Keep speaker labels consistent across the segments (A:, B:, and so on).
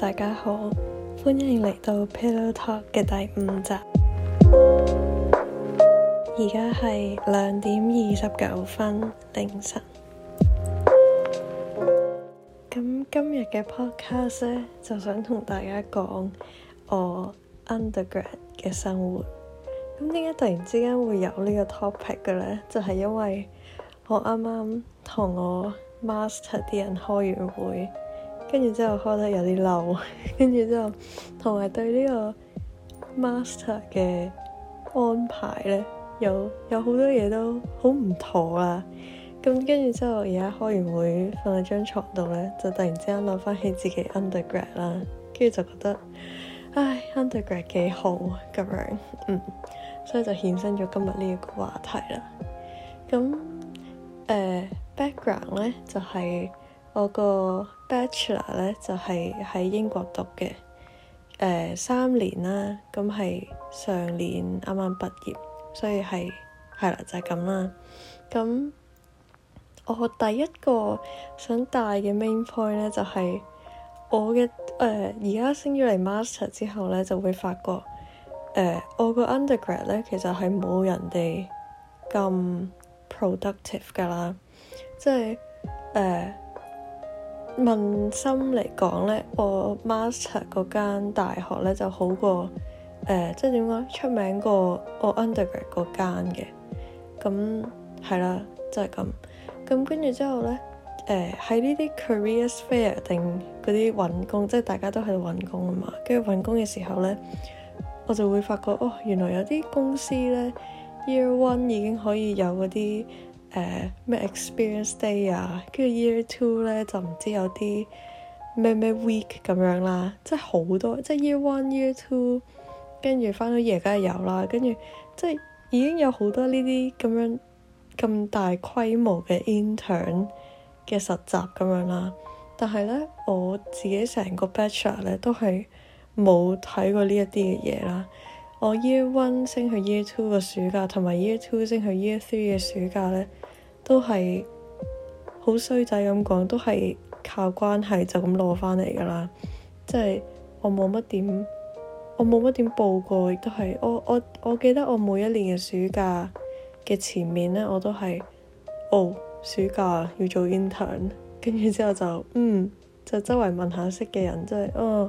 A: 大家好，歡迎嚟到 Pillow Talk 嘅第五集。而家係兩點二十九分凌晨。咁今日嘅 podcast 呢，就想同大家講我 undergrad 嘅生活。咁點解突然之間會有這個呢個 topic 嘅呢？就係、是、因為我啱啱同我 master 啲人開完會。跟住之後開得有啲嬲，跟住之後同埋對呢個 master 嘅安排咧，有有好多嘢都好唔妥啊！咁跟住之後，而家開完會瞓喺張床度咧，就突然之間諗翻起自己 undergrad 啦，跟住就覺得唉，undergrad 幾好啊，咁樣，嗯，所以就衍生咗今日呢一個話題啦。咁誒、呃、background 咧就係、是。我個 bachelor 咧就係、是、喺英國讀嘅，誒、呃、三年啦，咁、嗯、係上年啱啱畢業，所以係係、嗯就是、啦，就係咁啦。咁我第一個想帶嘅 main point 咧就係、是、我嘅誒，而、呃、家升咗嚟 master 之後咧，就會發覺誒、呃，我個 undergrad 咧其實係冇人哋咁 productive 噶啦，即係誒。呃問心嚟講咧，我 master 嗰間大學咧就好過誒、呃，即係點講？出名過我 undergrad 嗰間嘅。咁係啦，即係咁。咁跟住之後咧，誒喺呢啲 career fair 定嗰啲揾工，即係大家都喺度揾工啊嘛。跟住揾工嘅時候咧，我就會發覺哦，原來有啲公司咧 year one 已經可以有嗰啲。誒，咩、uh, experience day 啊，跟住 year two 咧就唔知有啲咩咩 week 咁樣啦，即係好多，即係 year one year two，跟住翻到而家梗係有啦，跟住即係已經有好多呢啲咁樣咁大規模嘅 intern 嘅實習咁樣啦，但係咧我自己成個 bachelor 咧都係冇睇過呢一啲嘅嘢啦。我 year one 升去 year two 嘅暑假，同埋 year two 升去 year three 嘅暑假咧，都係好衰仔咁講，都係靠關係就咁攞翻嚟噶啦。即係我冇乜點，我冇乜點報過，亦都係我我我記得我每一年嘅暑假嘅前面咧，我都係哦暑假要做 intern，跟住之後就嗯就周圍問下識嘅人，即係哦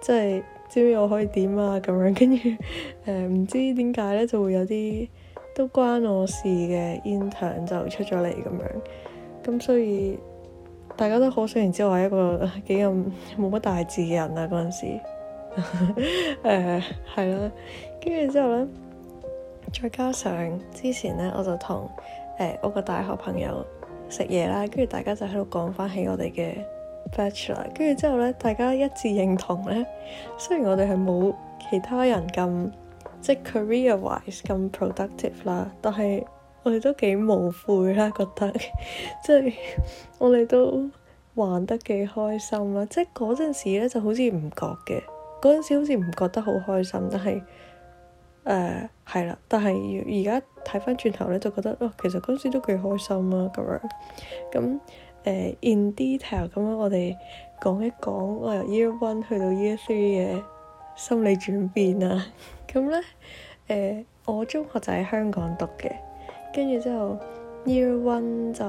A: 即係。知我可以點啊？咁樣跟住誒，唔、呃、知點解咧，就會有啲都關我事嘅 intern 就出咗嚟咁樣。咁所以大家都好笑，然之後係一個幾咁冇乜大志嘅人啊！嗰陣時誒係咯，跟 住、呃、之後咧，再加上之前咧，我就同誒、呃、我個大學朋友食嘢啦，跟住大家就喺度講翻起我哋嘅。跟住之後咧，大家一致認同咧。雖然我哋係冇其他人咁即係 career wise 咁 productive 啦，但係我哋都幾無悔啦。覺得即係我哋都玩得幾開心啦。即係嗰陣時咧，就好似唔覺嘅。嗰陣時好似唔覺得好開心，但係誒係啦。但係而家睇翻轉頭咧，就覺得哦，其實嗰陣時都幾開心啊咁樣咁。嗯誒、uh,in detail 咁樣，我哋講一講我由 year one 去到 year three 嘅心理轉變啊。咁咧，誒，我中學就喺香港讀嘅，跟住之後 year one 就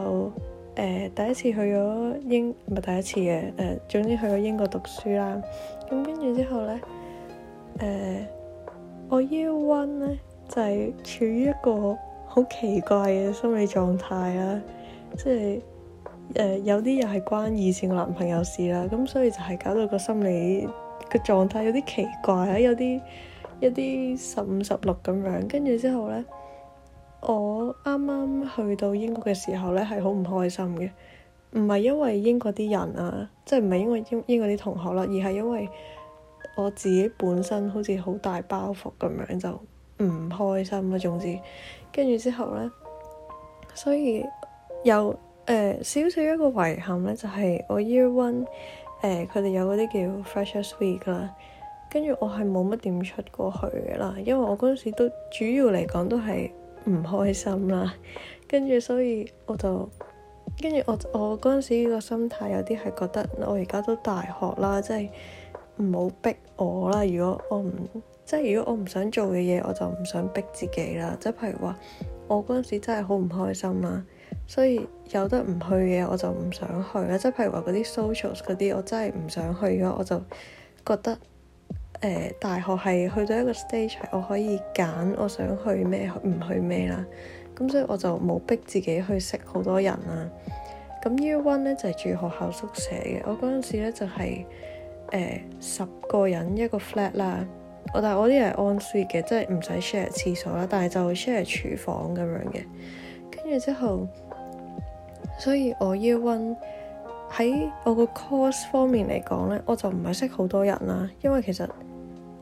A: 誒第一次去咗英，唔係第一次嘅，誒，總之去咗英國讀書啦。咁跟住之後咧，誒，我 year one 咧就係處於一個好奇怪嘅心理狀態啦，即係。誒、呃、有啲又係關以前個男朋友事啦，咁所以就係搞到個心理個狀態有啲奇怪啊，有啲一啲十五十六咁樣，跟住之後咧，我啱啱去到英國嘅時候咧係好唔開心嘅，唔係因為英國啲人啊，即係唔係因為英英，英國啲同學啦、啊，而係因為我自己本身好似好大包袱咁樣就唔開心啦、啊，總之跟住之後咧，所以又。誒，小小一個遺憾咧，就係我 year one，誒，佢哋有嗰啲叫 freshers week 啦，跟住我係冇乜點出過去噶啦，因為我嗰陣時都主要嚟講都係唔開心啦，跟住所以我就，跟住我我嗰陣時個心態有啲係覺得我而家都大學啦，即係唔好逼我啦，如果我唔，即係如果我唔想做嘅嘢，我就唔想逼自己啦，即係譬如話我嗰陣時真係好唔開心啦。所以有得唔去嘅我就唔想去啦，即係譬如話嗰啲 socials 嗰啲，我真係唔想去嘅，我就覺得誒、呃、大學係去到一個 stage，係我可以揀我想去咩，唔去咩啦。咁所以我就冇逼自己去識好多人啊。咁 Year One 咧就係、是、住學校宿舍嘅，我嗰陣時咧就係誒十個人一個 flat 啦。但我但係我啲係 on suite 嘅，即係唔使 share 廁所啦，但係就 share 廚房咁樣嘅。跟住之後。所以我 Year One 喺我個 course 方面嚟講呢，我就唔係識好多人啦，因為其實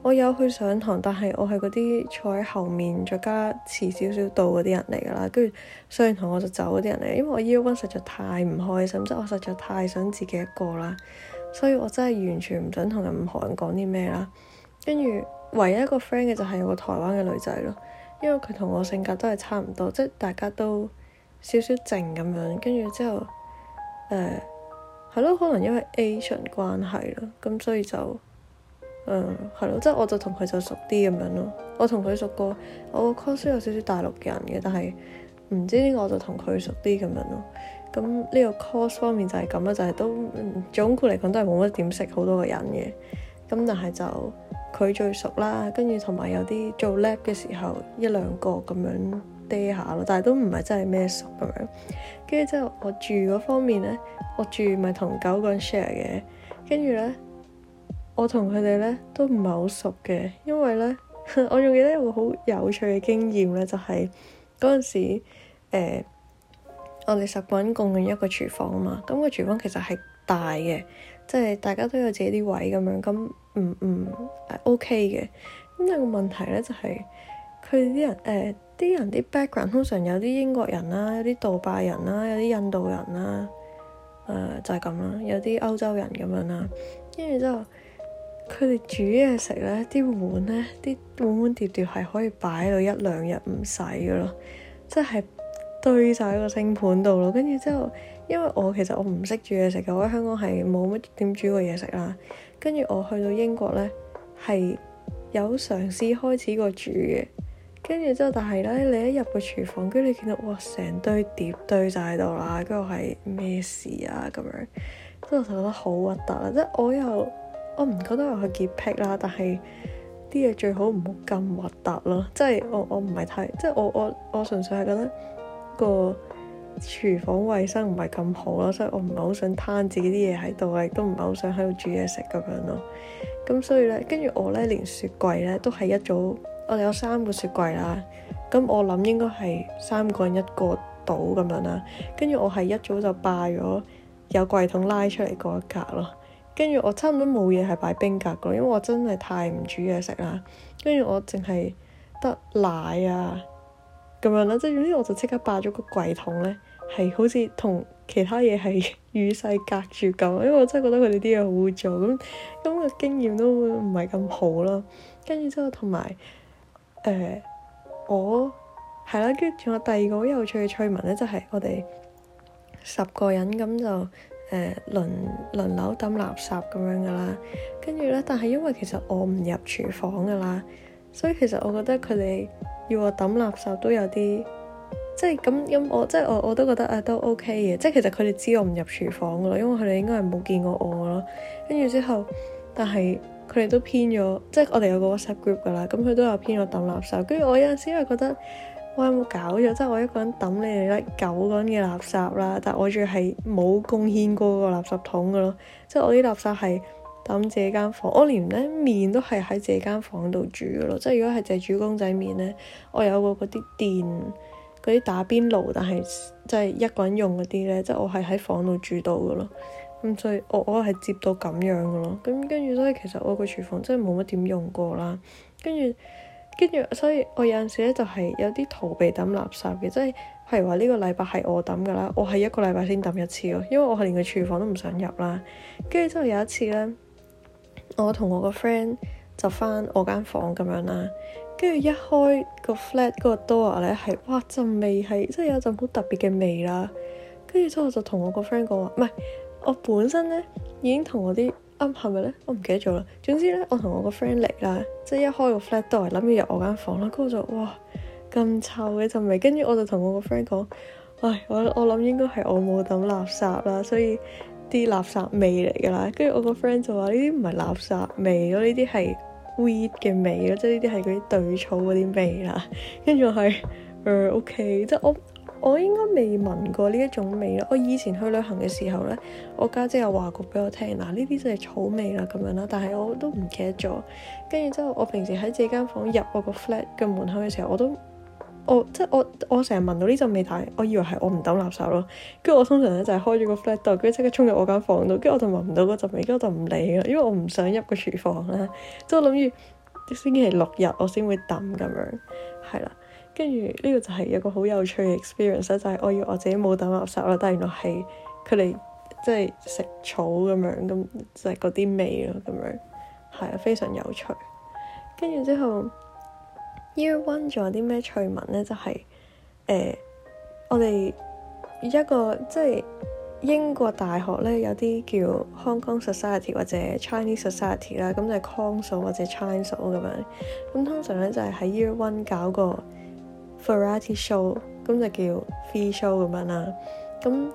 A: 我有去上堂，但係我係嗰啲坐喺後面，再加遲少少到嗰啲人嚟噶啦，跟住上完堂我就走嗰啲人嚟，因為我 Year One 實在太唔開心，即係我實在太想自己一個啦，所以我真係完全唔想同任何人講啲咩啦，跟住唯一一個 friend 嘅就係有個台灣嘅女仔咯，因為佢同我性格都係差唔多，即係大家都。少少靜咁樣，跟住之後，誒、呃，係咯，可能因為 Asian 關係啦，咁所以就，誒、嗯，係咯，即係我就同佢就熟啲咁樣咯。我同佢熟過，我 course 都有少少大陸人嘅，但係唔知點解我就同佢熟啲咁樣咯。咁呢個 course 方面就係咁啦，就係、是、都總括嚟講都係冇乜點識好多個人嘅。咁但係就佢最熟啦，跟住同埋有啲做 lab 嘅時候一兩個咁樣。低下咯，但係都唔係真係咩熟咁樣。跟住之後，我住嗰方面咧，我住咪同九個人 share 嘅。跟住咧，我同佢哋咧都唔係好熟嘅，因為咧， 我仲記得有個好有趣嘅經驗咧，就係嗰陣時、呃、我哋十個人共用一個廚房啊嘛。咁個廚房其實係大嘅，即係大家都有自己啲位咁樣。咁唔唔，誒、嗯嗯、係 OK 嘅。咁但個問題咧就係佢哋啲人誒。呃啲人啲 background 通常有啲英國人啦，有啲杜拜人啦，有啲印度人啦，誒、呃、就係咁啦，有啲歐洲人咁樣啦。跟住之後，佢哋煮嘢食咧，啲碗咧，啲碗碗碟碟係可以擺到一兩日唔使嘅咯，即係堆晒喺個星盆度咯。跟住之後，因為我其實我唔識煮嘢食嘅，我喺香港係冇乜點煮過嘢食啦。跟住我去到英國咧，係有嘗試開始過煮嘅。跟住之後、就是，但係咧，你一入個廚房，跟住你見到哇，成堆碟堆晒喺度啦，跟住係咩事啊？咁樣，跟住我就覺得好核突啦。即係我又我唔覺得係佢潔癖啦，但係啲嘢最好唔好咁核突咯。即係我我唔係太，即係我我我純粹係覺得、這個廚房衞生唔係咁好咯，所以我唔係好想攤自己啲嘢喺度，亦都唔係好想喺度煮嘢食咁樣咯。咁所以咧，跟住我咧，連雪櫃咧都係一早。我哋有三個雪櫃啦，咁我諗應該係三個人一個島咁樣啦。跟住我係一早就霸咗有櫃桶拉出嚟嗰一格咯。跟住我差唔多冇嘢係擺冰格嘅，因為我真係太唔煮嘢食啦。跟住我淨係得奶啊咁樣啦。即係總之我就即刻霸咗個櫃桶咧，係好似同其他嘢係與世隔絕咁。因為我真係覺得佢哋啲嘢好污糟，咁咁個經驗都唔係咁好啦。跟住之後同埋。誒、呃，我係啦，跟住仲有第二個好有趣嘅趣聞咧，就係、是、我哋十個人咁就誒、呃、輪輪流抌垃圾咁樣噶啦，跟住咧，但係因為其實我唔入廚房噶啦，所以其實我覺得佢哋要我抌垃圾都有啲，即係咁咁我即係我我都覺得啊都 OK 嘅，即係其實佢哋知我唔入廚房噶啦，因為佢哋應該係冇見過我咯，跟住之後，但係。佢哋都偏咗，即係我哋有個 WhatsApp group 㗎啦，咁佢都有偏咗抌垃圾。跟住我有陣時因為覺得，我有冇搞錯？即係我一個人抌你哋九個人嘅垃圾啦，但我仲係冇貢獻過個垃圾桶㗎咯。即係我啲垃圾係抌自己間房，我連咧麵都係喺自己間房度煮㗎咯。即係如果係淨煮公仔麵咧，我有個嗰啲電，嗰啲打邊爐，但係即係一個人用嗰啲咧，即係我係喺房度煮到㗎咯。咁所以我我係接到咁樣嘅咯，咁跟住所以其實我個廚房真係冇乜點用過啦。跟住跟住，所以我有陣時咧就係、是、有啲逃避抌垃圾嘅，即係譬如話呢個禮拜係我抌㗎啦，我係一個禮拜先抌一次咯，因為我係連個廚房都唔想入啦。跟住之後有一次咧，我同我個 friend 就返我間房咁樣啦，跟住一開、個 flat 嗰個 door 咧係哇陣味係即係有陣好特別嘅味啦。跟住之後就同我個 friend 講話唔係。我本身咧已經同我啲，係咪咧？我唔記得咗啦。總之咧，我同我個 friend 嚟啦，即係一開個 flat door，諗住入我間房啦。跟住就哇咁臭嘅陣味，跟住我就同我個 friend 講，唉，我我諗應該係我冇抌垃圾啦，所以啲垃圾味嚟㗎啦。跟住我個 friend 就話：呢啲唔係垃圾味咯，呢啲係 weed 嘅味咯，即係呢啲係嗰啲對草嗰啲味啦。跟住我係，誒、呃、OK，即係我。我應該未聞過呢一種味咯。我以前去旅行嘅時候咧，我家姐又話過俾我聽，嗱，呢啲就係草味啦咁樣啦。但係我都唔記得咗。跟住之後，我平時喺這間房入我個 flat 嘅門口嘅時候，我都我即係我我成日聞到呢陣味，但係我以為係我唔抌垃圾咯。跟住我通常咧就係開咗個 flat 度，跟住即刻衝入我間房度，跟住我就聞唔到嗰陣味，跟住我就唔理啦，因為我唔想入個廚房啦。即、啊、我諗住即星期六日我先會抌咁樣，係啦。跟住呢個就係一個好有趣嘅 experience 就係我以為我自己冇抌垃圾啦，但係原來係佢哋即係食草咁樣，咁就係嗰啲味咯，咁樣，係啊，非常有趣。跟住之後，year one 仲有啲咩趣聞咧？就係、是、誒、呃，我哋一個即係、就是、英國大學咧有啲叫 Hong Kong Society 或者 Chinese Society 啦，咁就係 Kong Soc 或者 Chinese Soc 咁樣。咁通常咧就係、是、喺 year one 搞個 Variety show，咁就叫 Free Show 咁樣啦。咁誒、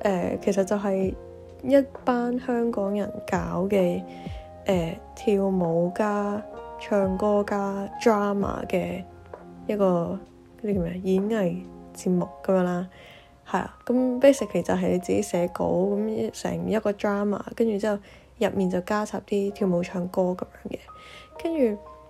A: 呃，其實就係一班香港人搞嘅誒、呃、跳舞加唱歌加 drama 嘅一個嗰啲叫咩演藝節目咁樣啦。係啊，咁 basic 其實係你自己寫稿咁成一個 drama，跟住之後入面就加插啲跳舞唱歌咁樣嘅，跟住。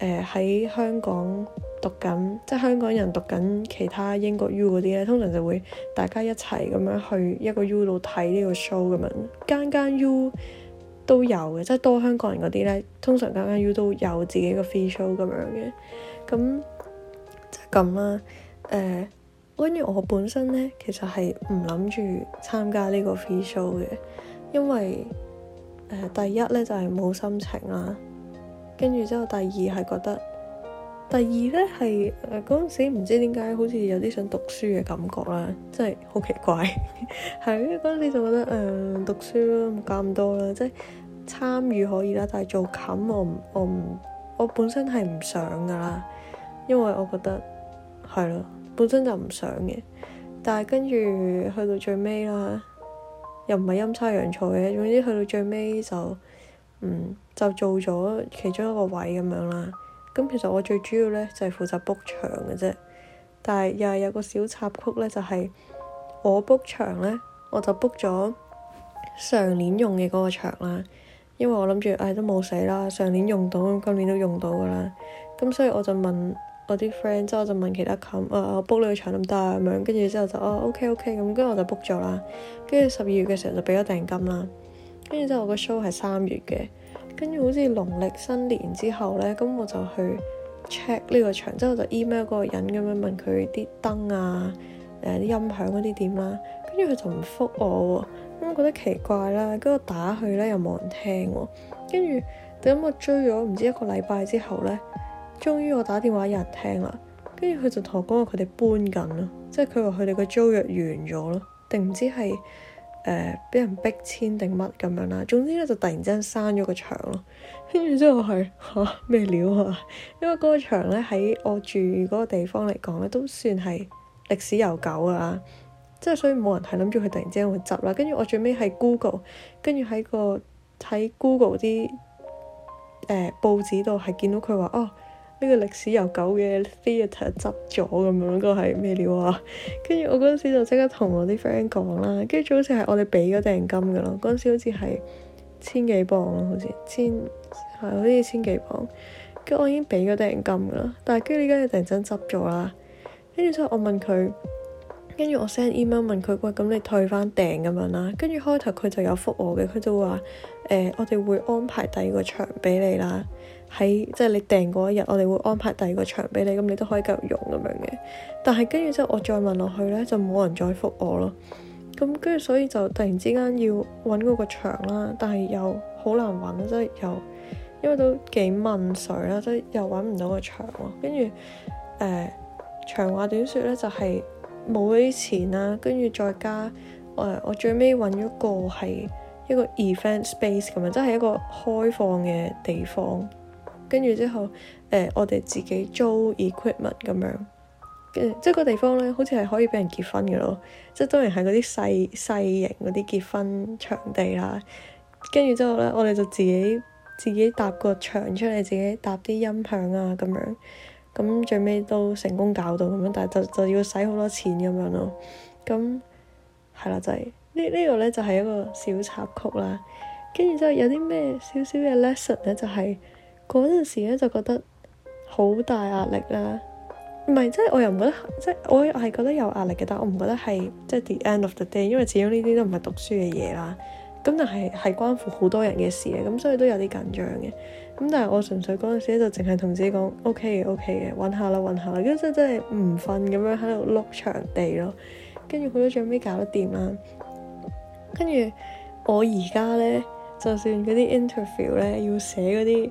A: 誒喺、呃、香港讀緊，即係香港人讀緊其他英國 U 嗰啲咧，通常就會大家一齊咁樣去一個 U 度睇呢個 show 咁樣，間間 U 都有嘅，即係多香港人嗰啲咧，通常間間 U 都有自己 free、啊呃、個 free show 咁樣嘅，咁即係咁啦。誒，關於我本身咧，其實係唔諗住參加呢個 free show 嘅，因為誒、呃、第一咧就係、是、冇心情啦、啊。跟住之後，第二係覺得，第二呢係誒嗰陣時唔知點解，好似有啲想讀書嘅感覺啦，真係好奇怪。係嗰陣時就覺得誒、呃、讀書咯，冇咁多啦，即係參與可以啦，但係做冚我唔我唔，我本身係唔想噶啦，因為我覺得係咯，本身就唔想嘅。但係跟住去到最尾啦，又唔係陰差陽錯嘅，總之去到最尾就嗯。就做咗其中一個位咁樣啦。咁其實我最主要咧就係、是、負責 book 場嘅啫。但係又係有個小插曲咧，就係、是、我 book 場咧，我就 book 咗上年用嘅嗰個場啦。因為我諗住唉都冇使啦，上年用到，咁今年都用到噶啦。咁所以我就問我啲 friend，之後就問其他冚啊，我 book 你個場得唔得啊？咁樣跟住之後就哦、啊、OK OK 咁，跟住我就 book 咗啦。跟住十二月嘅時候就俾咗訂金啦。跟住之後我個 show 係三月嘅。跟住好似農曆新年之後呢，咁我就去 check 呢個場，之後就 email 嗰個人咁樣問佢啲燈啊、誒、啊、啲音響嗰啲點啦。跟住佢就唔覆我喎、哦，咁我覺得奇怪啦。跟住我打去呢又冇人聽喎、哦。跟住等我追咗唔知一個禮拜之後呢，終於我打電話有人聽啦。跟住佢就同我講話佢哋搬緊啦，即係佢話佢哋個租約完咗咯，定唔知係？誒，俾、呃、人逼遷定乜咁樣啦？總之咧，就突然之間閂咗個牆咯。跟住之後係嚇咩料啊？因為嗰個牆咧，喺我住嗰個地方嚟講咧，都算係歷史悠久㗎。即係所以冇人係諗住佢突然之間會執啦。跟住我最尾係 Google，跟住喺個喺 Google 啲誒、呃、報紙度係見到佢話哦。呢個歷史悠久嘅 theatre 執咗咁樣，嗰係咩料啊？跟 住我嗰陣時就即刻同我啲 friend 講啦，跟住好似係我哋俾咗訂金嘅咯，嗰陣時好似係千幾磅咯，好似千係好似千幾磅，跟住我已經俾咗訂金嘅啦，但係跟住而家突然間執咗啦，跟住之後我問佢，跟住我 send email 問佢，喂，咁你退翻訂咁樣啦？跟住開頭佢就有覆我嘅，佢就話誒、呃，我哋會安排第二個場俾你啦。喺即係你訂嗰一日，我哋會安排第二個場俾你，咁你都可以繼續用咁樣嘅。但係跟住之後，就是、我再問落去咧，就冇人再覆我咯。咁跟住所以就突然之間要揾嗰個，個場啦，但係又好難揾，即係又因為都幾問水啦，即係又揾唔到個場喎。跟住誒長話短說咧，就係冇嗰啲錢啦。跟住再加誒、呃，我最尾揾咗個係一個 event space 咁樣，即係一個開放嘅地方。跟住之後，誒、呃，我哋自己租 equipment 咁樣，即係、這個地方咧，好似係可以俾人結婚嘅咯。即係當然係嗰啲細細型嗰啲結婚場地啦。跟住之後咧，我哋就自己自己搭個牆出嚟，自己搭啲音響啊咁樣。咁最尾都成功搞到咁樣，但係就就要使好多錢咁樣咯。咁係啦，就係、是這個、呢呢個咧，就係、是、一個小插曲啦。跟住之後有啲咩少少嘅 lesson 咧，就係、是、～嗰陣時咧就覺得好大壓力啦，唔係即係我又唔覺得，即係我係覺得有壓力嘅，但係我唔覺得係即係 the end of the day，因為始終呢啲都唔係讀書嘅嘢啦。咁但係係關乎好多人嘅事咧，咁所以都有啲緊張嘅。咁但係我純粹嗰陣時咧就淨係同自己講，OK 嘅 OK 嘅，揾下啦揾下啦，跟住真係唔瞓咁樣喺度碌場地咯。跟住好多最尾搞得掂啦。跟住我而家咧，就算嗰啲 interview 咧要寫嗰啲。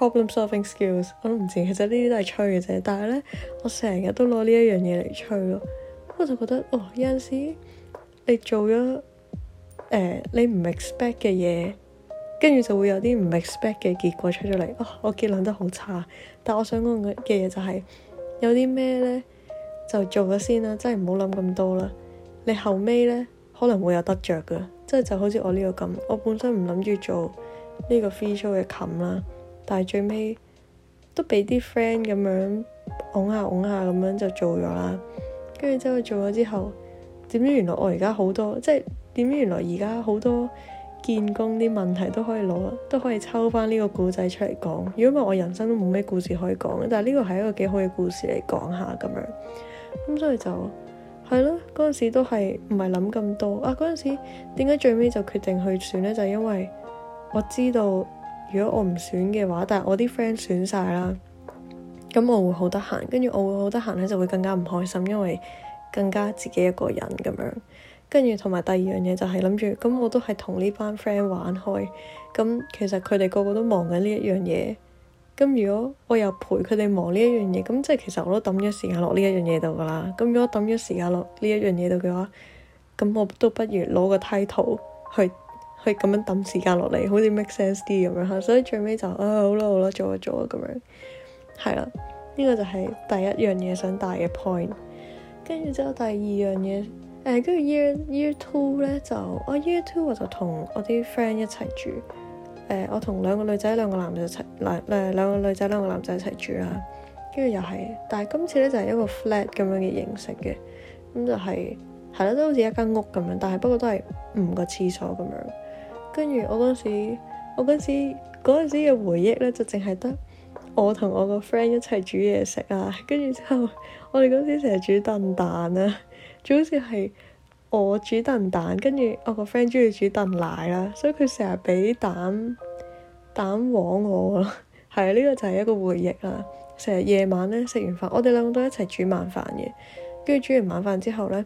A: Problem-solving skills 我都唔知，其實呢啲都係吹嘅啫。但係呢，我成日都攞呢一樣嘢嚟吹咯。我就覺得，哦，有陣時你做咗、呃、你唔 expect 嘅嘢，跟住就會有啲唔 expect 嘅結果出咗嚟。啊、哦，我結論得好差，但我想講嘅嘢就係、是、有啲咩呢？就做咗先啦，真係唔好諗咁多啦。你後尾呢可能會有得着㗎，即係就好似我呢個咁，我本身唔諗住做呢個 free show 嘅冚啦。但係最尾都俾啲 friend 咁樣拱下拱下咁樣就做咗啦，跟住之後做咗之後，點知原來我而家好多，即係點知原來而家好多見工啲問題都可以攞，都可以抽翻呢個故仔出嚟講。如果唔係我人生都冇咩故事可以講，但係呢個係一個幾好嘅故事嚟講下咁樣。咁所以就係咯，嗰陣時都係唔係諗咁多啊。嗰陣時點解最尾就決定去選呢？就係因為我知道。如果我唔選嘅話，但係我啲 friend 選晒啦，咁我會好得閒。跟住我會好得閒咧，就會更加唔開心，因為更加自己一個人咁樣。跟住同埋第二樣嘢就係諗住，咁我都係同呢班 friend 玩開。咁其實佢哋個個都忙緊呢一樣嘢。咁如果我又陪佢哋忙呢一樣嘢，咁即係其實我都抌咗時間落呢一樣嘢度噶啦。咁如果抌咗時間落呢一樣嘢度嘅話，咁我都不如攞個 title 去。咁樣揼時間落嚟，好似 make sense 啲咁樣吓、啊，所以最尾就啊好啦好啦，做啊做啊咁樣，係啦，呢、這個就係第一樣嘢想帶嘅 point。跟住之後第二樣嘢，誒、啊，跟住 year year two 咧就我、啊、year two 我就同我啲 friend 一齊住，誒、啊，我同兩個女仔兩個男仔一齊，兩誒兩個女仔兩個男仔一齊住啦。跟住又係，但係今次咧就係一個 flat 咁樣嘅形式嘅，咁就係係啦，都好似一間屋咁樣，但係不過都係五個廁所咁樣。跟住我嗰時，我嗰時嗰陣時嘅回憶咧，就淨係得我同我個 friend 一齊煮嘢食啊。跟住之後，我哋嗰時成日煮燉蛋啊，仲好似係我煮燉蛋，跟住我個 friend 中意煮燉奶啦、啊，所以佢成日俾蛋蛋黃我咯。係啊，呢、 這個就係一個回憶啊。成日夜晚咧食完飯，我哋兩個都一齊煮晚飯嘅。跟住煮完晚飯之後咧，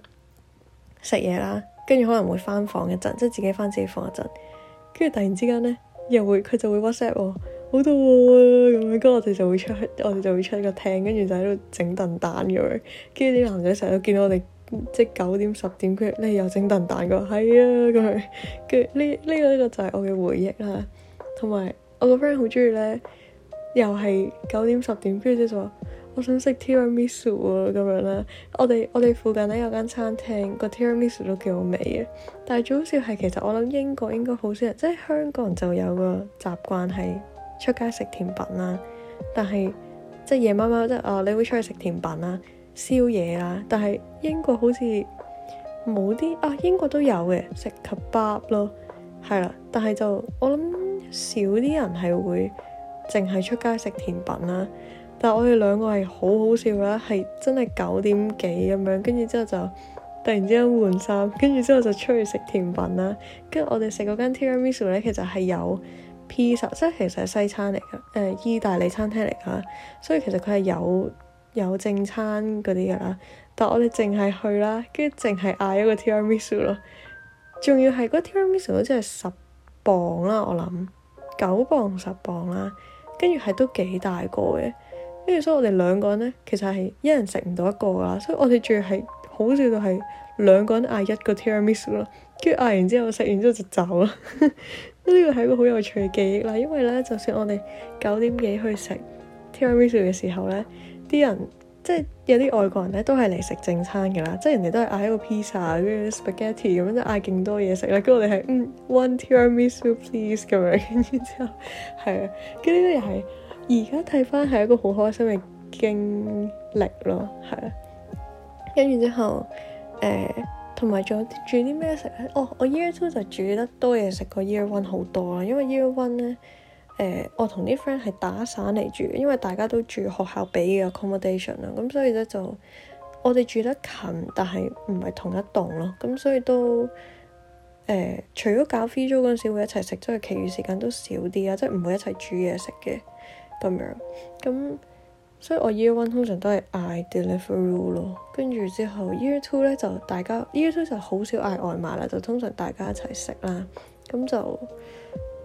A: 食嘢啦，跟住可能會翻房一陣，即、就、係、是、自己翻自己房一陣。跟住突然之間咧，又會佢就會 WhatsApp 我、哦，好到喎咁樣，跟住我哋就會出，我哋就會出個廳，跟住就喺度整燉蛋咁樣，跟住啲男仔成日都見到我哋即九點十點，跟住咧又整燉蛋，佢話係啊咁樣，跟住呢呢個呢、這個這個就係我嘅回憶啦。同埋我個 friend 好中意咧，又係九點十點，跟住之就話。我想食 Tiramisu 啊，咁樣啦、啊。我哋我哋附近呢有間餐廳，個 Tiramisu 都幾好味嘅。但係最好笑係，其實我諗英國應該好少人，即係香港人就有個習慣係出街食甜品啦、啊。但係即係夜晚晚，即係啊，你會出去食甜品啦、啊、宵夜啦、啊。但係英國好似冇啲啊，英國都有嘅食 kebab 咯，係啦。但係就我諗少啲人係會淨係出街食甜品啦、啊。但係我哋兩個係好好笑啦，係真係九點幾咁樣，跟住之後就突然之間換衫，跟住之後就出去食甜品啦。跟住我哋食嗰間 Tiramisu 咧，其實係有 pizza，即係其實係西餐嚟嘅，誒、呃、意大利餐廳嚟嘅，所以其實佢係有有正餐嗰啲嘅啦。但係我哋淨係去啦，跟住淨係嗌一個 Tiramisu 咯。仲要係嗰 Tiramisu 好似係十磅啦，我諗九磅十磅啦，跟住係都幾大個嘅。跟住，所以我哋兩個人咧，其實係一人食唔到一個㗎，所以我哋仲要係好笑到係兩個人嗌一個 Tiramisu 咯，跟住嗌完之後食完之後就走啦。呢 個係一個好有趣嘅記憶啦，因為咧，就算我哋九點幾去食 Tiramisu 嘅時候咧，啲人即係有啲外國人咧都係嚟食正餐㗎啦，即係人哋都係嗌一個 pizza 跟住 spaghetti 咁樣，即係嗌勁多嘢食啦。跟住我哋係嗯 one Tiramisu please，咁樣跟住之後係啊，跟住呢個又係。而家睇返係一個好開心嘅經歷咯，係啦。跟住之後，誒同埋仲有啲煮啲咩食咧？哦，我 year two 就煮得多嘢食過 year one 好多啦，因為 year one 咧誒，我同啲 friend 係打散嚟住，因為大家都住學校畀嘅 accommodation 啦，咁所以咧就我哋住得近，但係唔係同一棟咯，咁所以都誒、呃，除咗搞 free 租嗰陣時會一齊食，即係其餘時間都少啲啊，即係唔會一齊煮嘢食嘅。咁，所以我 year one 通常都係嗌 deliveroo 咯，跟住之後 year two 咧就大家 year two 就好少嗌外賣啦，就通常大家一齊食啦，咁就誒係、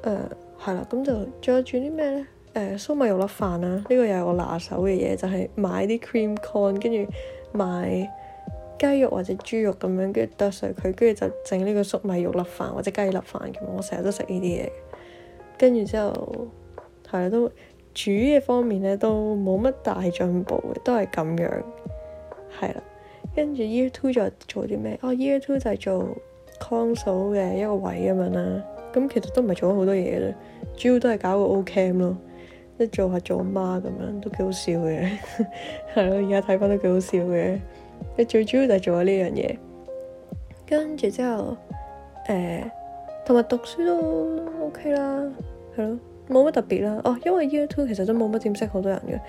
A: 呃、啦，咁就仲有煮啲咩咧？誒、呃、粟米肉粒飯啦，呢、這個又係我拿手嘅嘢，就係、是、買啲 cream corn，跟住買雞肉或者豬肉咁樣，跟住剁碎佢，跟住就整呢個粟米肉粒飯或者雞粒飯咁，我成日都食呢啲嘢，跟住之後係都。煮嘅方面咧都冇乜大進步嘅，都係咁樣，係啦。跟住 Year Two 就做啲咩？哦、oh，Year Two 就係做 console 嘅一個位咁樣啦、啊。咁其實都唔係做咗好多嘢啦，主要都係搞個 O Camp 咯，即做下做媽咁樣，都幾好笑嘅，係 咯。而家睇翻都幾好笑嘅。最主要就係做咗呢樣嘢，跟住之後，誒、欸，同埋讀書都 OK 啦，係咯。冇乜特別啦。哦，因為 Year Two 其實都冇乜點識好多人嘅。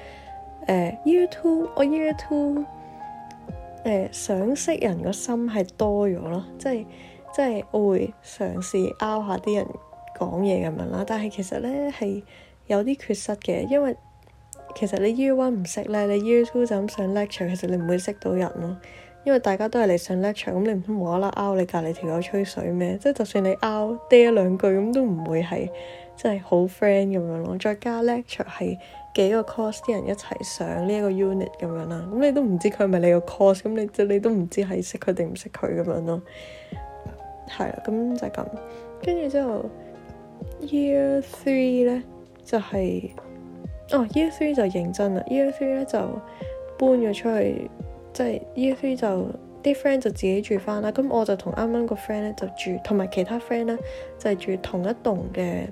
A: 誒，Year Two，我 Year Two 誒想識人個心係多咗咯，即係即係我會嘗試拗下啲人講嘢嘅問啦。但係其實咧係有啲缺失嘅，因為其實你 Year One 唔識咧，你 Year Two 就咁上 lecture，其實你唔會識到人咯，因為大家都係嚟上 lecture，咁你唔通無啦啦拗你隔籬條友吹水咩？即係就算你拗嗲兩句，咁都唔會係。即係好 friend 咁樣咯，再加 lecture 係幾個 course 啲人一齊上呢一個 unit 咁樣啦。咁你都唔知佢係咪你個 course，咁你就你都唔知係識佢定唔識佢咁樣咯。係啦，咁就係咁。跟住之後，year three 呢，就係哦，year three 就認真啦。year three 呢就搬咗出去，即係 year three 就啲 friend 就自己住翻啦。咁我就同啱啱個 friend 呢就住，同埋其他 friend 呢就係住同一棟嘅。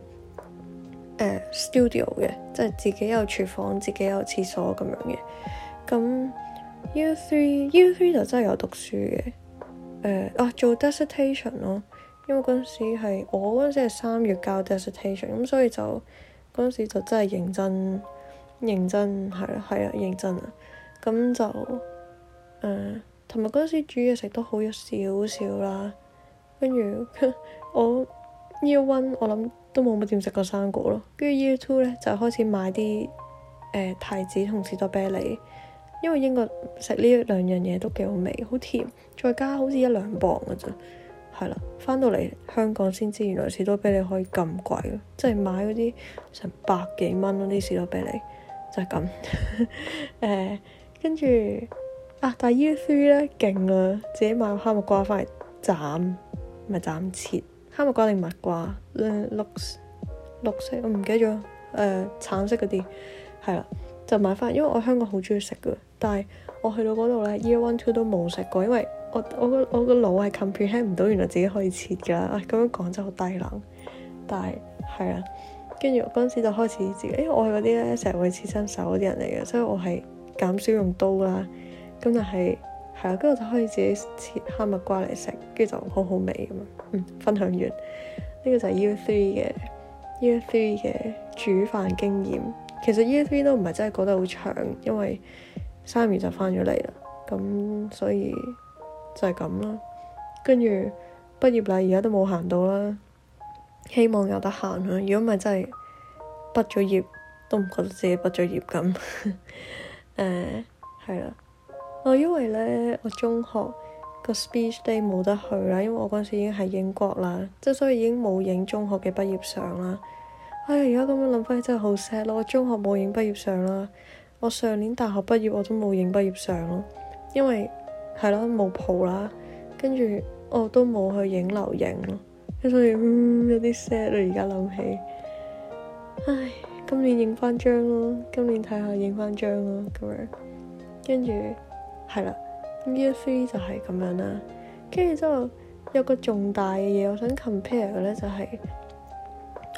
A: 誒、uh, studio 嘅，即係自己有廚房、自己有廁所咁樣嘅。咁 Year Three、Year Three 就真係有讀書嘅。誒、uh, 啊，做 dissertation 咯，因為嗰陣時係我嗰陣時係三月交 dissertation，咁所以就嗰陣時就真係認真、認真係咯，係啊，啊，認真啊。咁就誒同埋嗰陣時煮嘢食都好咗少少啦。跟住 我 Year One，我諗。都冇乜點食過生果咯，跟住 Year Two 咧，就開始買啲誒、呃、提子同士多啤梨，因為英國食呢兩樣嘢都幾好味，好甜，再加好似一兩磅嘅啫，係啦。翻到嚟香港先知原來士多啤梨可以咁貴咯，即係買嗰啲成百幾蚊嗰啲士多啤梨就係咁誒。跟 住、呃、啊，但係 Year Three 咧勁啊，自己買個哈密瓜翻嚟斬咪斬切。哈密瓜定蜜瓜，綠綠綠色，我唔記得咗。誒、呃，橙色嗰啲係啦，就買翻。因為我香港好中意食嘅，但係我去到嗰度咧，year one two 都冇食過，因為我我個我個腦係 comprehend 唔到原來自己可以切㗎。咁、啊、樣講就好低能，但係係啊。跟住嗰陣時就開始自己，因、欸、為我係嗰啲咧成日會切新手嗰啲人嚟嘅，所以我係減少用刀啦。咁就係。係啊，跟住就可以自己切哈密瓜嚟食，跟住就好好味咁啊。嗯，分享完呢、這個就係 u three 嘅 u three 嘅煮飯經驗。其實 u three 都唔係真係過得好長，因為三月就翻咗嚟啦。咁所以就係咁啦。跟住畢業啦，而家都冇行到啦。希望有得行啦。如果唔係真係畢咗業，都唔覺得自己畢咗業咁。誒、 uh,，係啦。我因為咧，我中學個 speech day 冇得去啦，因為我嗰陣時已經喺英國啦，即係所以已經冇影中學嘅畢業相啦。唉，而家咁樣諗翻起真係好 sad 咯！我中學冇影畢業相啦，我上年大學畢業我都冇影畢業相咯，因為係咯冇蒲啦，跟住我都冇去影樓影咯，跟住、嗯、有啲 sad 咯。而家諗起，唉，今年影翻張咯，今年睇下影翻張咯咁樣，跟住。係啦 year three 就係咁樣啦。跟住之後有個重大嘅嘢，我想 compare 嘅咧就係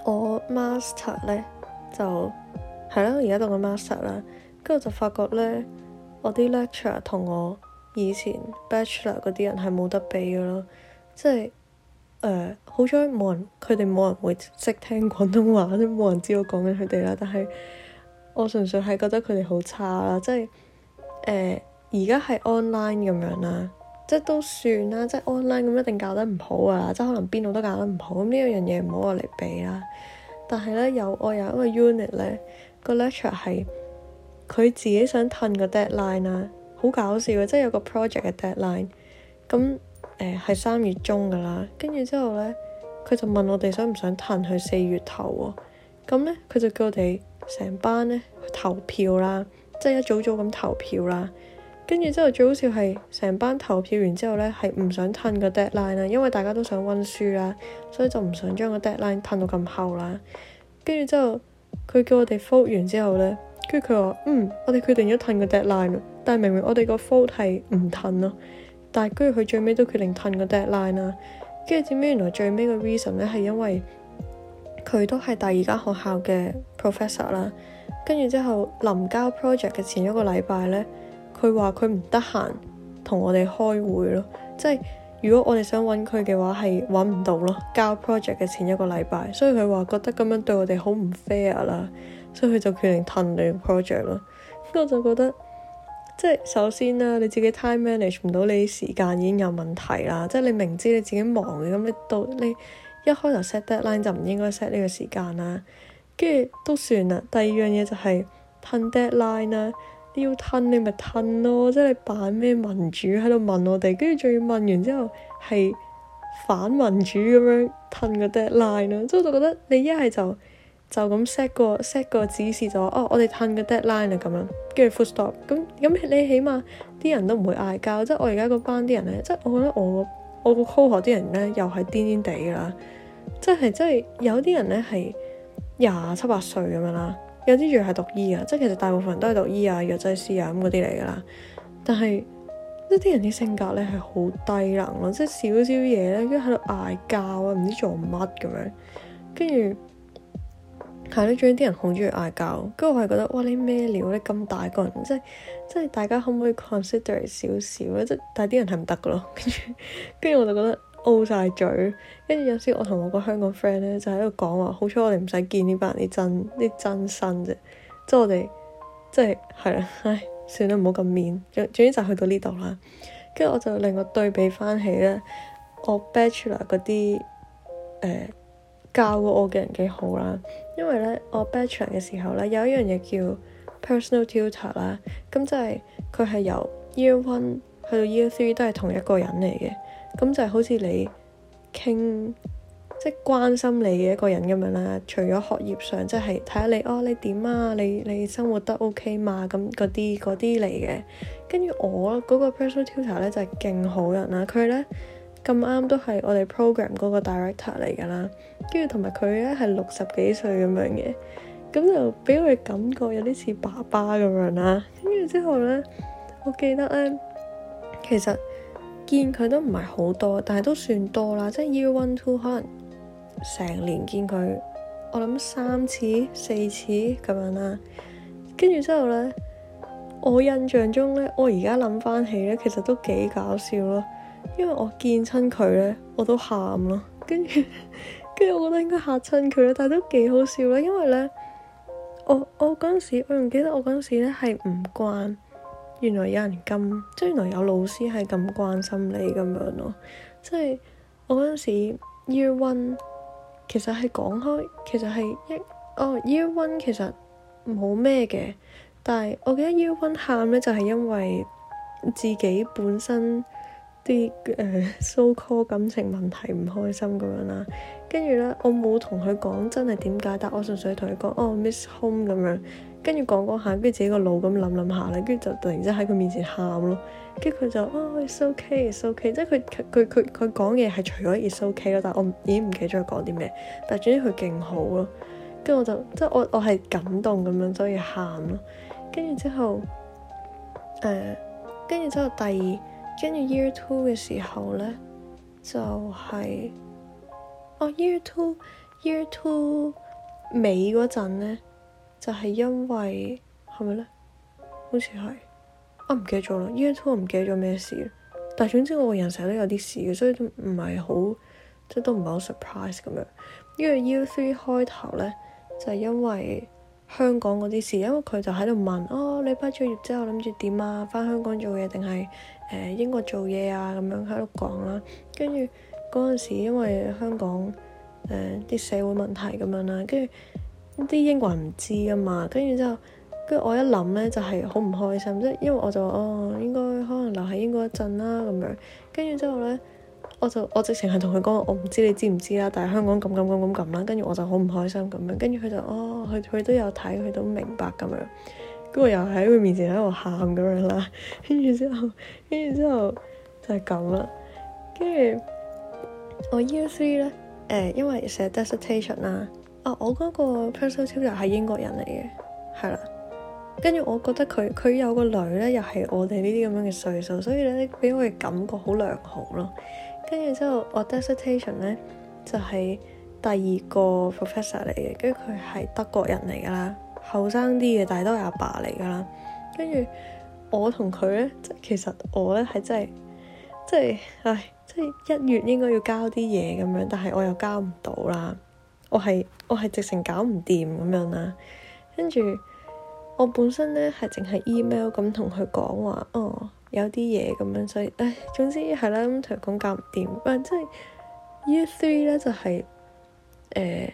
A: 我 master 咧就係啦。而家讀緊 master 啦，跟住就發覺咧我啲 lecture 同我以前 bachelor 嗰啲人係冇得比嘅咯，即係誒好彩冇人，佢哋冇人會識聽廣東話，都冇人知我講緊佢哋啦。但係我純粹係覺得佢哋好差啦，即係誒。呃而家係 online 咁樣啦，即係都算啦。即係 online 咁一定教得唔好啊，即係可能邊度都教得唔好。咁呢一樣嘢唔好我嚟比啦。但係咧，有我有一個 unit 咧，個 lecture 係佢自己想褪個 deadline 啊，好搞笑嘅。即係有個 project 嘅 deadline 咁誒，係、呃、三月中㗎啦。跟住之後咧，佢就問我哋想唔想褪去四月頭喎、哦。咁咧，佢就叫我哋成班咧投票啦，即係一組組咁投票啦。跟住之後，最好笑係成班投票完之後呢，係唔想褪個 deadline 啦，因為大家都想温書啦，所以就唔想將個 deadline 褪到咁後啦。跟住之後，佢叫我哋 vote 完之後呢，跟住佢話：嗯，我哋決定咗褪個 deadline，但係明明我哋個 vote 係唔褪咯，但係跟住佢最尾都決定褪個 deadline 啦。跟住點解原來最尾個 reason 呢？係因為佢都係第二間學校嘅 professor 啦。跟住之後臨交 project 嘅前一個禮拜呢。佢話佢唔得閒同我哋開會咯，即係如果我哋想揾佢嘅話係揾唔到咯。交 project 嘅前一個禮拜，所以佢話覺得咁樣對我哋好唔 fair 啦，所以佢就決定褪你 project 咯。我就覺得，即係首先啦，你自己 time manage 唔到你啲時間已經有問題啦，即係你明知你自己忙嘅，咁你到你一開頭 set deadline 就唔應該 set 呢個時間啦，跟住都算啦。第二樣嘢就係褪 deadline 啦。要吞你咪吞咯，即係你扮咩民主喺度問我哋，跟住仲要問完之後係反民主咁樣褪個 deadline 咯。即係我就覺得你一係就就咁 set 個 set 個指示就哦，我哋褪個 deadline 啦咁樣，跟住 full stop。咁咁你起碼啲人都唔會嗌交。即係我而家嗰班啲人咧，即係我覺得我我個 college 啲人咧又係癲癲地㗎啦，即係即係有啲人咧係廿七八歲咁樣啦。有啲仲係讀醫啊，即係其實大部分人都係讀醫啊、藥劑師啊咁嗰啲嚟噶啦。但係一啲人啲性格咧係好低能咯，即係少少嘢咧，跟住喺度嗌交啊，唔知做乜咁樣，跟住係咯，仲有啲人好中意嗌交。跟住我係覺得，哇！你咩料咧？咁大個人，即係即係大家可唔可以 consider 少少咧？即係但係啲人係唔得噶咯。跟住跟住我就覺得。O 晒嘴，跟住有時我同我個香港 friend 咧就喺度講話，好彩我哋唔使見呢班人啲真啲真身啫，即係我哋即係係啦，唉，算啦，唔好咁面，最總，總之就去到呢度啦。跟住我就令我對比翻起咧，我 Bachelor 嗰啲誒、呃、教過我嘅人幾好啦，因為咧我 Bachelor 嘅時候咧有一樣嘢叫 Personal Tutor 啦，咁即係佢係由 Year One 去到 Year Three 都係同一個人嚟嘅。咁就係好似你傾，即係關心你嘅一個人咁樣啦。除咗學業上，即係睇下你哦，你點啊？你你生活得 OK 嘛？咁嗰啲啲嚟嘅。跟住我嗰個 personal tutor 咧就係勁好人啦。佢咧咁啱都係我哋 program 嗰個 director 嚟㗎啦。跟住同埋佢咧係六十幾歲咁樣嘅，咁就俾佢感覺有啲似爸爸咁樣啦。跟住之後咧，我記得咧其實。見佢都唔係好多，但係都算多啦。即係 Year One Two 可能成年見佢，我諗三次四次咁樣啦。跟住之後咧，我印象中咧，我而家諗翻起咧，其實都幾搞笑咯。因為我見親佢咧，我都喊咯。跟住，跟住，我覺得應該吓親佢啦。但係都幾好笑啦，因為咧，我我嗰陣時，我仲記得我嗰陣時咧係唔慣。原來有人咁，即係原來有老師係咁關心你咁樣咯。即係我嗰陣時 Year One，其實係講開，其實係一哦 Year One 其實冇咩嘅。但係我記得 Year One 喊咧就係、是、因為自己本身啲誒、呃、so call 感情問題唔開心咁樣啦。呢，跟住咧，我冇同佢講真係點解，但我純粹同佢講哦 miss home 咁樣。跟住講講下，跟住自己個腦咁諗諗下咧，跟住就突然之間喺佢面前喊咯，跟住佢就哦 it's okay it's okay，即係佢佢佢佢講嘢係除咗 it's okay 咯，但我已經唔記得咗佢講啲咩，但係總之佢勁好咯，跟住我就即係我我係感動咁樣所以喊咯，跟住之後誒，跟住之後第二跟住 year two 嘅時候咧，就係哦 year two year two 尾嗰陣咧。就係因為係咪咧？好似係啊，唔記得咗啦。Year two 我唔記得咗咩事，但係總之我個人成日都有啲事嘅，所以都唔係好即係都唔係好 surprise 咁樣。因為 Year three 開頭咧，就係、是、因為香港嗰啲事，因為佢就喺度問哦，你畢咗業之後諗住點啊？翻香港做嘢定係誒英國做嘢啊？咁樣喺度講啦。跟住嗰陣時因為香港誒啲、呃、社會問題咁樣啦，跟住。啲英國人唔知啊嘛，跟住之後，跟住我一諗咧就係好唔開心，即係因為我就哦應該可能留喺英國一陣啦咁樣，跟住之後咧我就我就直情係同佢講我唔知你知唔知啦，但係香港咁咁咁咁咁啦，跟住我就好唔開心咁樣，跟住佢就哦佢佢都有睇佢都明白咁樣，跟我又喺佢面前喺度喊咁樣啦，跟住之後跟住之後就係咁啦，跟住、就是、我 Year Three 咧誒因為寫 dissertation 啦。啊、我嗰個 personal tutor 係英國人嚟嘅，係啦。跟住我覺得佢佢有個女咧，又係我哋呢啲咁樣嘅歲數，所以咧俾我嘅感覺好良好咯。跟住之後，我 dissertation 咧就係、是、第二個 professor 嚟嘅，跟住佢係德國人嚟噶啦，後生啲嘅，但係都係阿爸嚟噶啦。跟住我同佢咧，即係其實我咧係真係即係唉，即、就、係、是、一月應該要交啲嘢咁樣，但係我又交唔到啦。我係我係直情搞唔掂咁樣啦，跟住我本身咧係淨係 email 咁同佢講話，哦有啲嘢咁樣，所以唉、哎，總之係啦，咁同佢講搞唔掂，但係即係 year three 咧就係誒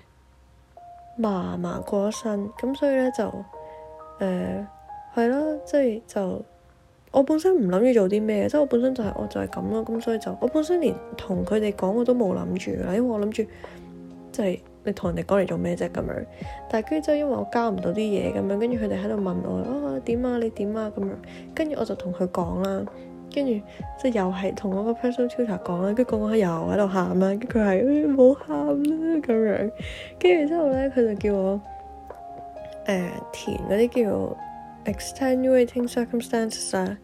A: 嫲嫲過咗身，咁所以咧就誒係啦，即、呃、係就，是、就我本身唔諗住做啲咩嘅，即、就、係、是、我本身就係、是、我就係咁啦，咁所以就我本身連同佢哋講我都冇諗住啦，因為我諗住就係、是。你同人哋講嚟做咩啫？咁樣，但係跟住之後，因為我交唔到啲嘢咁樣，跟住佢哋喺度問我啊點啊？你點啊？咁樣，跟住我就同佢講啦。就是是跟住即係又係同我個 personal tutor 講啦。跟住講講下又喺度喊啦。跟住佢係唔好喊啦咁樣。跟住之後咧，佢就叫我誒、呃、填嗰啲叫做 extenuating circumstances 啊。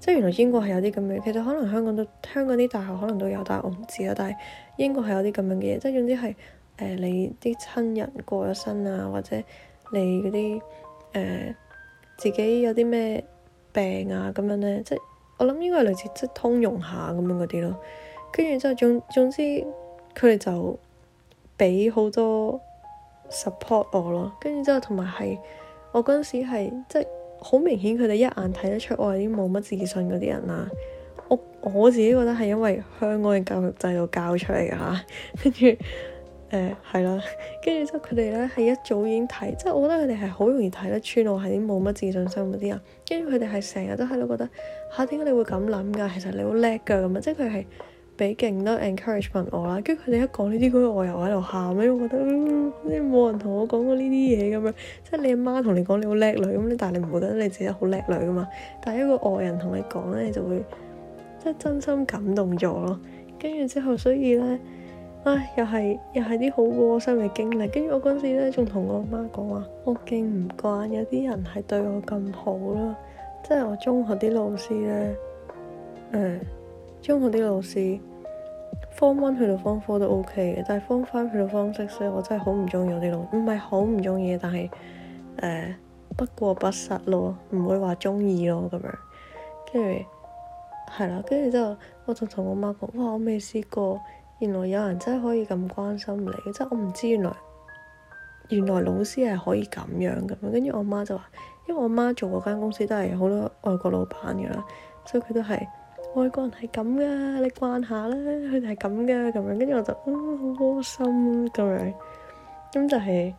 A: 即係原來英國係有啲咁樣，其實可能香港都香港啲大學可能都有，但係我唔知啊。但係英國係有啲咁樣嘅嘢，即係總之係。誒、呃，你啲親人過咗身啊，或者你嗰啲誒自己有啲咩病啊，咁樣咧，即係我諗應該係類似即係通融下咁樣嗰啲咯。跟住之後總總之，佢哋就俾好多 support 我咯。跟住之後同埋係我嗰陣時係即係好明顯，佢哋一眼睇得出我係啲冇乜自信嗰啲人啊。我我自己覺得係因為香港嘅教育制度教出嚟㗎，嚇跟住。誒係啦，跟住之後佢哋咧係一早已經睇，即係我覺得佢哋係好容易睇得穿我係啲冇乜自信心嗰啲人，跟住佢哋係成日都喺度覺得嚇點解你會咁諗㗎？其實你好叻㗎咁啊！即係佢係俾勁多 encouragement 我啦，跟住佢哋一講呢啲，嗰個我又喺度喊因為咧，我覺得好似冇人同我講過呢啲嘢咁樣，即係你阿媽同你講你好叻女咁咧，但係你唔會覺得你自己好叻女噶嘛，但係一個外人同你講咧，你就會即係真心感動咗咯。跟住之後，所以咧。唉、哎，又係又係啲好窩心嘅經歷。跟住我嗰陣時咧，仲同我媽講話，我勁唔慣有啲人係對我咁好啦。即係我中學啲老師咧，誒、呃，中學啲老師，form one 去到 form four 都 OK 嘅，但係 form five 去到 form six 咧，我真係好唔中意我啲老師。唔係好唔中意，但係誒、呃、不過不失咯，唔會話中意咯咁樣。跟住係啦，跟住之後我就同我媽講，哇！我未試過。原來有人真係可以咁關心你，即係我唔知原來原來老師係可以咁樣嘅，跟住我媽就話，因為我媽做嗰間公司都係好多外國老闆嘅啦，所以佢都係外國人係咁噶，你慣下啦，佢哋係咁噶，咁樣，跟住我就嗯，好窩心咁樣，咁就係、是、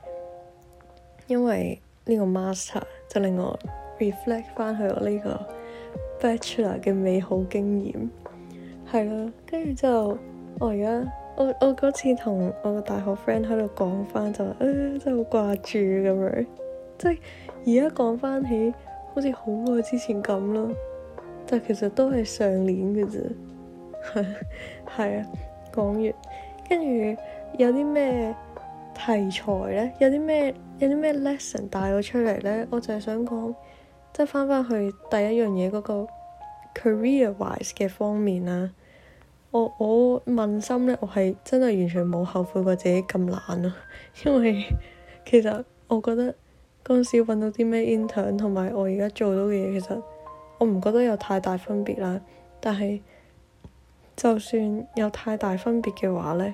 A: 因為呢個 master 就令我 reflect 翻佢我呢個 bachelor 嘅美好經驗，係啦，跟住之後就。我而家我我嗰次同我個大學 friend 喺度講翻就話誒真係好掛住咁樣，即係而家講翻起好似好耐之前咁咯，但係其實都係上年嘅啫。係 係啊，講完跟住有啲咩題材咧？有啲咩有啲咩 lesson 帶我出嚟咧？我就係想講即係翻翻去第一樣嘢嗰個 career wise 嘅方面啦。我我問心咧，我係真係完全冇後悔過自己咁懶咯， 因為其實我覺得嗰陣時揾到啲咩 intern，同埋我而家做到嘅嘢，其實我唔覺得有太大分別啦。但係就算有太大分別嘅話咧，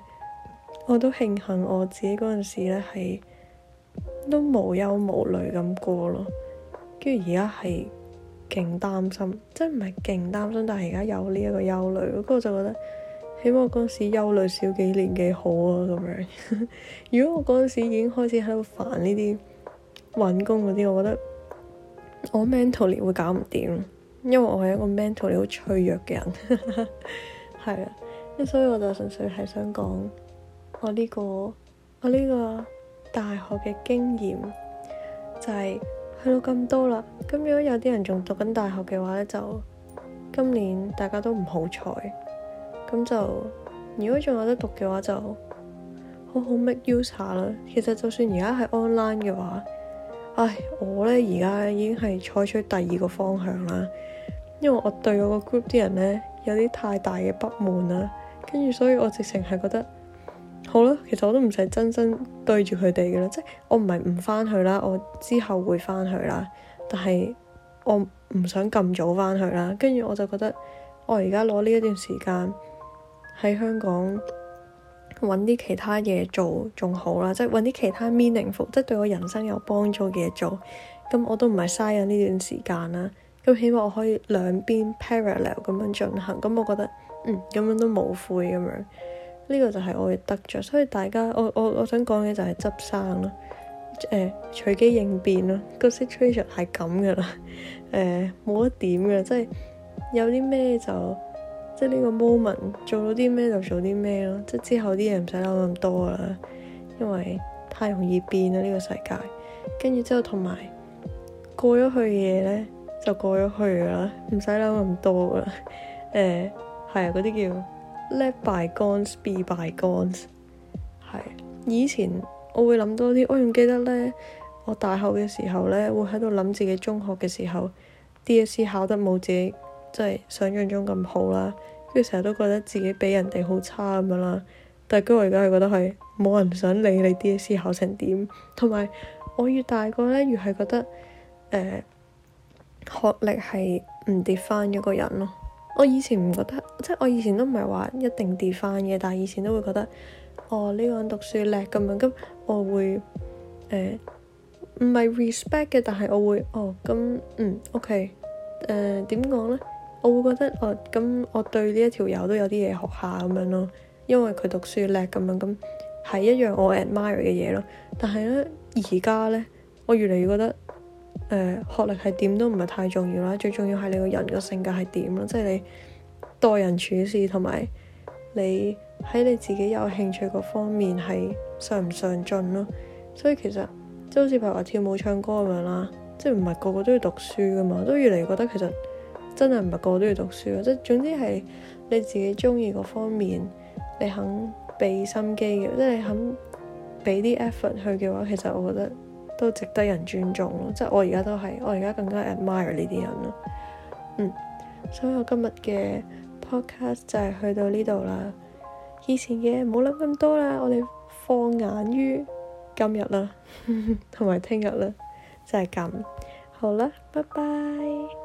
A: 我都慶幸我自己嗰陣時咧係都無憂無慮咁過咯，跟住而家係，勁擔心，即係唔係勁擔心，但係而家有呢一個憂慮。不過我就覺得，起碼嗰時憂慮少幾年幾好啊咁樣。 如果我嗰時已經開始喺度煩呢啲搵工嗰啲，我覺得我 mentally 會搞唔掂，因為我係一個 mentally 好脆弱嘅人。係 啊，咁所以我就純粹係想講我呢、這個我呢個大學嘅經驗就係、是。去到咁多啦，咁如果有啲人仲讀緊大學嘅話咧，就今年大家都唔好彩，咁就如果仲有得讀嘅話就好好 make use 下啦。其實就算而家係 online 嘅話，唉，我咧而家已經係採取第二個方向啦，因為我對我個 group 啲人咧有啲太大嘅不滿啦，跟住所以我直情係覺得。好啦，其實我都唔使真心對住佢哋嘅啦，即係我唔係唔返去啦，我之後會返去啦，但係我唔想咁早返去啦。跟住我就覺得我而家攞呢一段時間喺香港揾啲其他嘢做仲好啦，即係揾啲其他 meaningful，即係對我人生有幫助嘅嘢做，咁我都唔係嘥緊呢段時間啦。咁希望我可以兩邊 parallel 咁樣進行，咁我覺得，嗯咁樣都冇悔咁樣。呢個就係我嘅得着，所以大家我我我想講嘅就係執生啦，誒、呃、隨機應變啦，個 situation 係咁噶啦，誒，冇得點嘅，即係有啲咩就即係呢個 moment 做到啲咩就做啲咩咯，即係之後啲嘢唔使諗咁多啦，因為太容易變啦呢個世界，跟住之後同埋過咗去嘅嘢咧就過咗去啦，唔使諗咁多啦，誒、呃、係啊，嗰啲叫。Let bygone be bygone。係以前我會諗多啲。我仲記得咧，我大學嘅時候咧，會喺度諗自己中學嘅時候，DSE 考得冇自己即係想象中咁好啦，跟住成日都覺得自己比人哋好差咁樣啦。但係跟住我而家係覺得係冇人想理你 DSE 考成點，同埋我越大個咧，越係覺得誒、呃、學歷係唔跌翻一個人咯。我以前唔覺得，即係我以前都唔係話一定 define 嘅，但係以前都會覺得哦，呢、這個人讀書叻咁樣，咁我會誒唔係 respect 嘅，但係我會哦咁嗯 OK 誒點講咧？我會覺得哦咁，我對呢一條友都有啲嘢學下咁樣咯，因為佢讀書叻咁樣，咁係一樣我 admire 嘅嘢咯。但係咧而家咧，我越嚟越覺得。誒、呃，學歷係點都唔係太重要啦，最重要係你個人嘅性格係點咯，即係你待人處事同埋你喺你自己有興趣嗰方面係上唔上進咯，所以其實即係好似譬如話跳舞、唱歌咁樣啦，即係唔係個個都要讀書噶嘛，都越嚟越覺得其實真係唔係個個都要讀書，即係總之係你自己中意嗰方面，你肯俾心機嘅，即係你肯俾啲 effort 去嘅話，其實我覺得。都值得人尊重咯，即係我而家都係，我而家更加 admire 呢啲人咯。嗯，所以我今日嘅 podcast 就係去到呢度啦。以前嘅唔好諗咁多啦，我哋放眼於今日啦，同埋聽日啦，就係咁。好啦，拜拜。